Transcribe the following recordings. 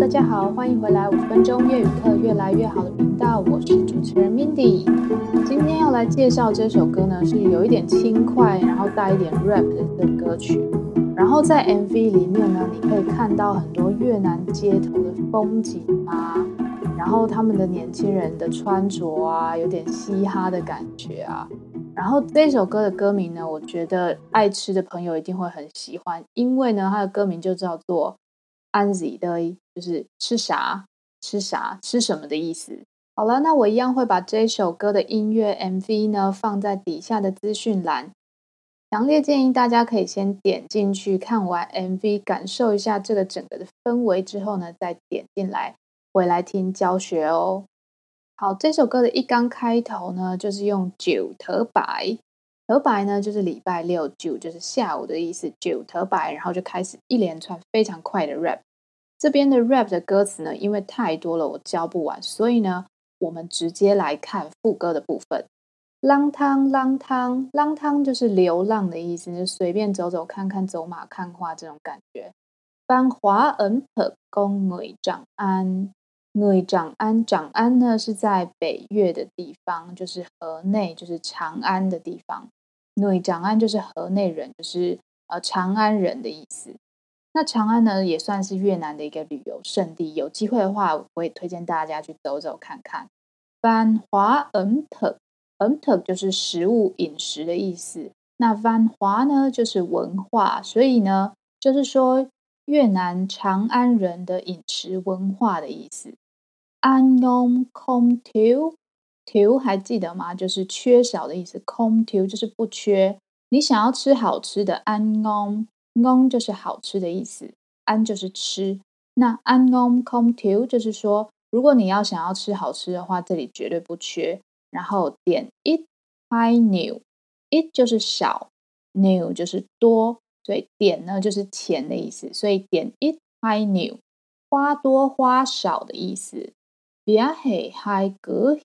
大家好，歡迎回來《五分鐘越語課》越來越好的頻道，我是主持人 Mindy。今天要來介紹這首歌呢，是有一點輕快，然後帶一點 rap 的歌曲。然後在 MV 裡面呢，你可以看到很多越南街頭的風景啊，然後他們的年輕人的穿着啊，有點嘻哈的感覺啊。然後這首歌的歌名呢，我覺得愛吃的朋友一定會很喜歡，因為呢，它的歌名就叫做。安吉的，就是吃啥吃啥吃什麼的意思。好了，那我一樣會把這首歌的音樂 MV 呢放在底下的資訊欄，強烈建議大家可以先點進去看完 MV，感受一下這個整個的氛圍之後呢，再點進來回來聽教學哦。好，這首歌的一剛開頭呢，就是用九和白。頭白呢，就是禮拜六，九，就是下午的意思。九，頭白，然後就開始一連串非常快的 rap。這邊的 rap 的歌詞呢，因為太多了，我教不完，所以呢，我們直接來看副歌的部分。浪湯浪湯浪湯，浪湯浪湯就是流浪的意思，就隨便走走看看，走馬看花這種感覺。翻華恩特工女長安，女長安，長安呢是在北越的地方，就是河內，就是長安的地方。因為長安就是河內人，就是呃長安人的意思。那長安呢，也算是越南的一個旅遊勝地，有機會的話，我會推薦大家去走走看看。văn hóa ẩm thực，ẩm thực 就是食物飲食的意思。那 văn hóa 呢，就是文化，所以呢，就是說越南長安人的飲食文化的意思。安 n o n con t i 缺還記得嗎？就是缺少的意思。空缺就是不缺。你想要吃好吃的，安翁，翁就是好吃的意思，安就是吃。那安翁空缺就是說，如果你要想要吃好吃的話，這裡絕對不缺。然後點一海紐，一就是少，New 就是多，所以點呢就是錢的意思。所以點一海 New。花多花少的意思。別系開格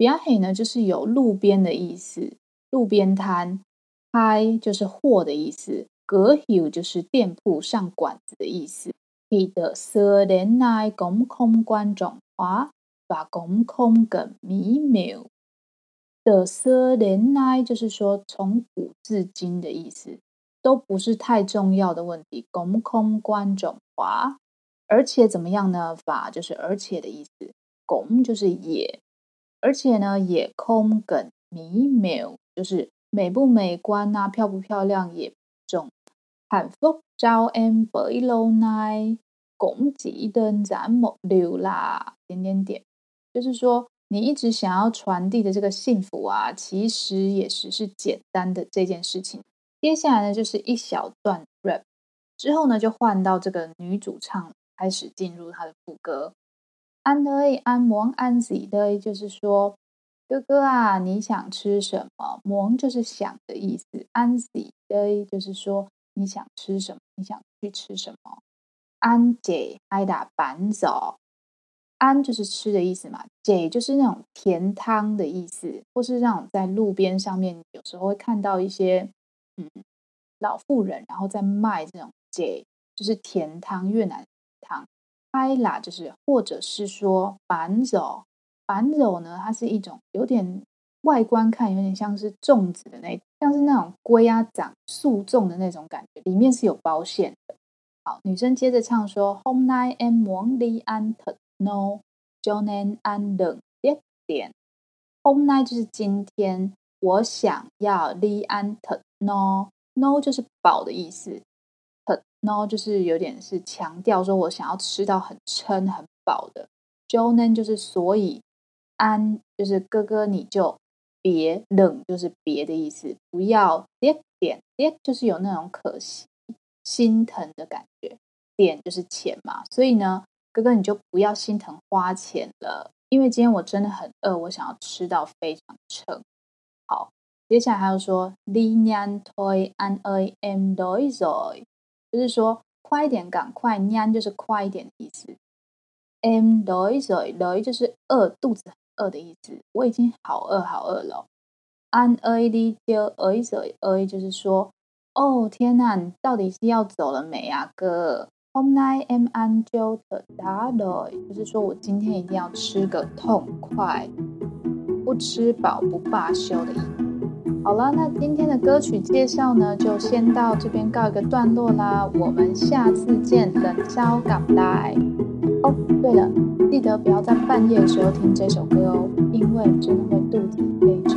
biā hēi 呢，就是有路邊的意思，路邊攤；hēi 就是貨的意思；gē xiù 就是店鋪、上館子的意思。記得世連奶，拱空觀眾華，把拱空更美妙。的世連奶，就是說從古至今的意思，都不是太重要的問題。拱空觀眾華，而且怎麼樣呢？把就是而且的意思，拱就是也。而且呢，也空梗米秒，就是美不美觀吶、啊，漂不漂亮也不重。喊福招 M 白樓奈攻幾，燈斬某流啦，點點點，就是說你一直想要傳遞的這個幸福啊，其實也是是簡單的這件事情。接下來呢，就是一小段 rap，之後呢，就換到這個女主唱開始進入她的副歌。安得意安，蒙安喜得意，就是說，哥哥啊，你想吃什麼？蒙就是想的意思，安喜得意就是說你想吃什麼，你想去吃什麼？什麼安姐挨打板走。安就是吃的意思嘛，姐就是那種甜湯的意思，或是那種在路邊上面有時候會看到一些嗯老婦人，然後在賣這種姐，就是甜湯越南湯。拍、啊、啦，就是或者是說板手，板手呢，它是一種有點外觀看有點像是粽子的那，像是那種龜啊長樹種的那種感覺，裡面是有包餡的。好，女生接着唱說：Hôm nay and o n g l e ant no，John n and the 點，Hôm nay 就是今天我想要 l e ant no，no 就是飽的意思。很，然、no, 後就是有點是強調說，我想要吃到很撐、很飽的。John 就是所以，安就是哥哥，你就別冷，就是別的意思，不要點點，點就是有那種可惜、心疼的感覺。點就是錢嘛，所以呢，哥哥你就不要心疼花錢了，因為今天我真的很餓，我想要吃到非常撐。好，接下來還要說，Li n a n Toy An A M Doi Zoi。就是說，快一點，趕快 niang 就是快一點的意思。m doy doy doy 就是餓肚子、餓的意思。我已經好餓、好餓了。an aidi do doy doy 就是說，哦天哪，你到底是要走了沒啊？哥 tonight I'm going to die doy 就是說我今天一定要吃個痛快，不吃飽不罷休的意思。好了，那今天的歌曲介紹呢，就先到這邊告一個段落啦。我們下次見，Hẹn gặp lại。哦，對了，記得不要在半夜的時候聽這首歌哦，因為真的會肚子。